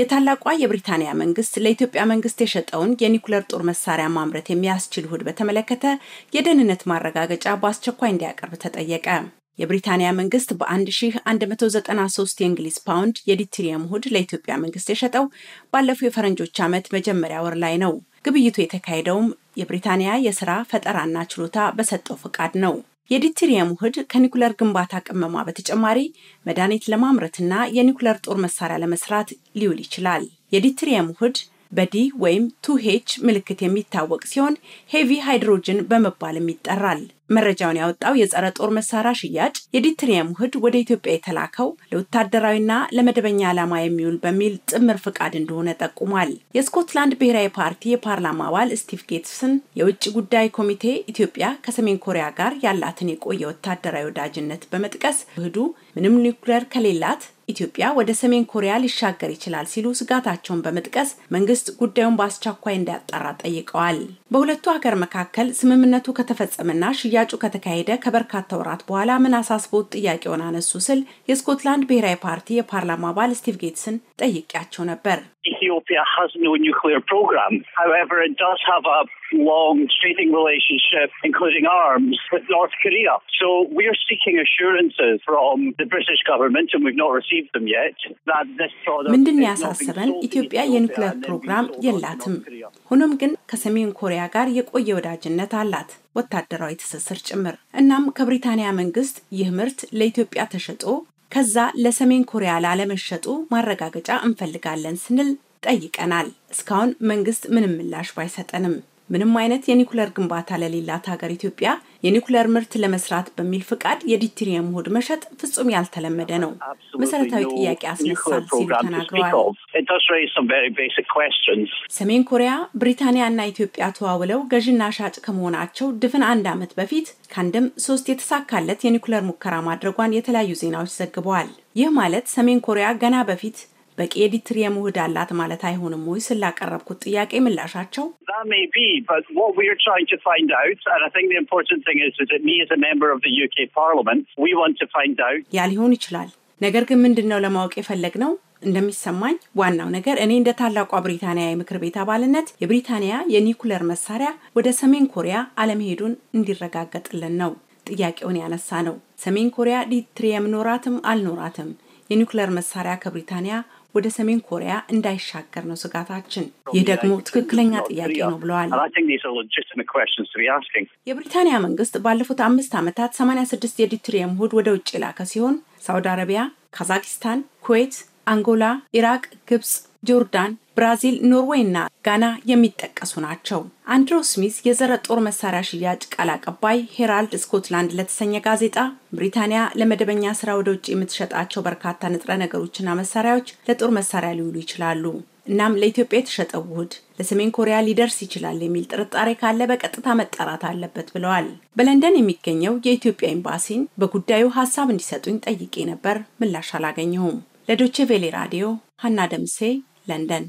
የታላቋ የብሪታንያ መንግስት ለኢትዮጵያ መንግስት የሸጠውን የኒኩለር ጦር መሳሪያ ማምረት የሚያስችል ውህድ በተመለከተ የደህንነት ማረጋገጫ በአስቸኳይ እንዲያቀርብ ተጠየቀ። የብሪታንያ መንግስት በ1193 የእንግሊዝ ፓውንድ የዲትሪየም ውህድ ለኢትዮጵያ መንግስት የሸጠው ባለፈው የፈረንጆች ዓመት መጀመሪያ ወር ላይ ነው። ግብይቱ የተካሄደውም የብሪታንያ የስራ ፈጠራና ችሎታ በሰጠው ፈቃድ ነው። የዲትሪየም ውህድ ከኒኩለር ግንባታ ቅመማ በተጨማሪ መድኃኒት ለማምረትና የኒኩለር ጦር መሳሪያ ለመስራት ሊውል ይችላል። የዲትሪየም ውህድ በዲ ወይም ቱሄች ምልክት የሚታወቅ ሲሆን ሄቪ ሃይድሮጅን በመባልም ይጠራል። መረጃውን ያወጣው የጸረ ጦር መሳሪያ ሽያጭ የዲትሪየም ውህድ ወደ ኢትዮጵያ የተላከው ለወታደራዊና ለመደበኛ ዓላማ የሚውል በሚል ጥምር ፍቃድ እንደሆነ ጠቁሟል። የስኮትላንድ ብሔራዊ ፓርቲ የፓርላማ አባል ስቲቭ ጌትስን የውጭ ጉዳይ ኮሚቴ ኢትዮጵያ ከሰሜን ኮሪያ ጋር ያላትን የቆየ ወታደራዊ ወዳጅነት በመጥቀስ ውህዱ ምንም ኒውክሌር ከሌላት ኢትዮጵያ ወደ ሰሜን ኮሪያ ሊሻገር ይችላል ሲሉ ስጋታቸውን በመጥቀስ መንግስት ጉዳዩን በአስቸኳይ እንዲያጣራ ጠይቀዋል። በሁለቱ ሀገር መካከል ስምምነቱ ከተፈጸመና ሽያ ሽያጩ ከተካሄደ ከበርካታ ወራት በኋላ ምን አሳስቦት ጥያቄውን አነሱ ስል የስኮትላንድ ብሔራዊ ፓርቲ የፓርላማ አባል ስቲቭ ጌትስን ጠይቄያቸው ነበር። ምንድን ያሳሰበን ኢትዮጵያ የኒውክሌር ፕሮግራም የላትም ሆኖም ግን ከሰሜን ኮሪያ ጋር የቆየ ወዳጅነት አላት፣ ወታደራዊ ትስስር ጭምር። እናም ከብሪታንያ መንግስት ይህ ምርት ለኢትዮጵያ ተሸጦ ከዛ ለሰሜን ኮሪያ ላለመሸጡ ማረጋገጫ እንፈልጋለን ስንል ጠይቀናል። እስካሁን መንግስት ምንም ምላሽ ባይሰጠንም ምንም አይነት የኒኩለር ግንባታ ለሌላት ሀገር ኢትዮጵያ የኒኩለር ምርት ለመስራት በሚል ፍቃድ የዲትሪየም ውህድ መሸጥ ፍጹም ያልተለመደ ነው፣ መሰረታዊ ጥያቄ አስነሳል ሲሉ ተናግረዋል። ሰሜን ኮሪያ ብሪታንያና ኢትዮጵያ ተዋውለው ገዥና ሻጭ ከመሆናቸው ድፍን አንድ ዓመት በፊት ከአንድም ሶስት የተሳካለት የኒኩለር ሙከራ ማድረጓን የተለያዩ ዜናዎች ዘግበዋል። ይህ ማለት ሰሜን ኮሪያ ገና በፊት በቂ የዲትሪየም ውህድ አላት ማለት አይሆንም ወይ? ስላቀረብኩት ጥያቄ ምላሻቸው ያ ይችላል። ነገር ግን ምንድን ነው ለማወቅ የፈለግ ነው እንደሚሰማኝ ዋናው ነገር እኔ እንደ ታላቋ ብሪታንያ የምክር ቤት አባልነት የብሪታንያ የኒኩለር መሳሪያ ወደ ሰሜን ኮሪያ አለመሄዱን እንዲረጋገጥልን ነው ጥያቄውን ያነሳ ነው። ሰሜን ኮሪያ ዲትሪየም ኖራትም አልኖራትም የኒኩለር መሳሪያ ከብሪታንያ ወደ ሰሜን ኮሪያ እንዳይሻገር ነው ስጋታችን። ይህ ደግሞ ትክክለኛ ጥያቄ ነው ብለዋል። የብሪታንያ መንግስት ባለፉት አምስት ዓመታት 86 የዲትሪየም ውህድ ወደ ውጭ የላከ ሲሆን ሳውዲ አረቢያ፣ ካዛኪስታን፣ ኩዌት፣ አንጎላ፣ ኢራቅ፣ ግብፅ፣ ጆርዳን ብራዚል፣ ኖርዌይ እና ጋና የሚጠቀሱ ናቸው። አንድሮ ስሚዝ የዘረ ጦር መሳሪያ ሽያጭ ቃል አቀባይ ሄራልድ ስኮትላንድ ለተሰኘ ጋዜጣ ብሪታንያ ለመደበኛ ስራ ወደ ውጭ የምትሸጣቸው በርካታ ንጥረ ነገሮችና መሳሪያዎች ለጦር መሳሪያ ሊውሉ ይችላሉ። እናም ለኢትዮጵያ የተሸጠው ውህድ ለሰሜን ኮሪያ ሊደርስ ይችላል የሚል ጥርጣሬ ካለ በቀጥታ መጣራት አለበት ብለዋል። በለንደን የሚገኘው የኢትዮጵያ ኤምባሲን በጉዳዩ ሀሳብ እንዲሰጡኝ ጠይቄ ነበር። ምላሽ አላገኘሁም። ለዶቼ ቬሌ ራዲዮ ሀና ደምሴ ለንደን